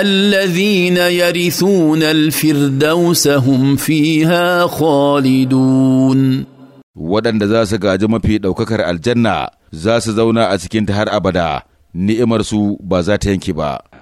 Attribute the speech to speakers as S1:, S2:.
S1: الذين يرثون الفردوس هم فيها خالدون ودن دزاس قاجم في دوككر الجنة
S2: زاس زونا أسكنت هر أبدا نئمرسو بازات ينكبا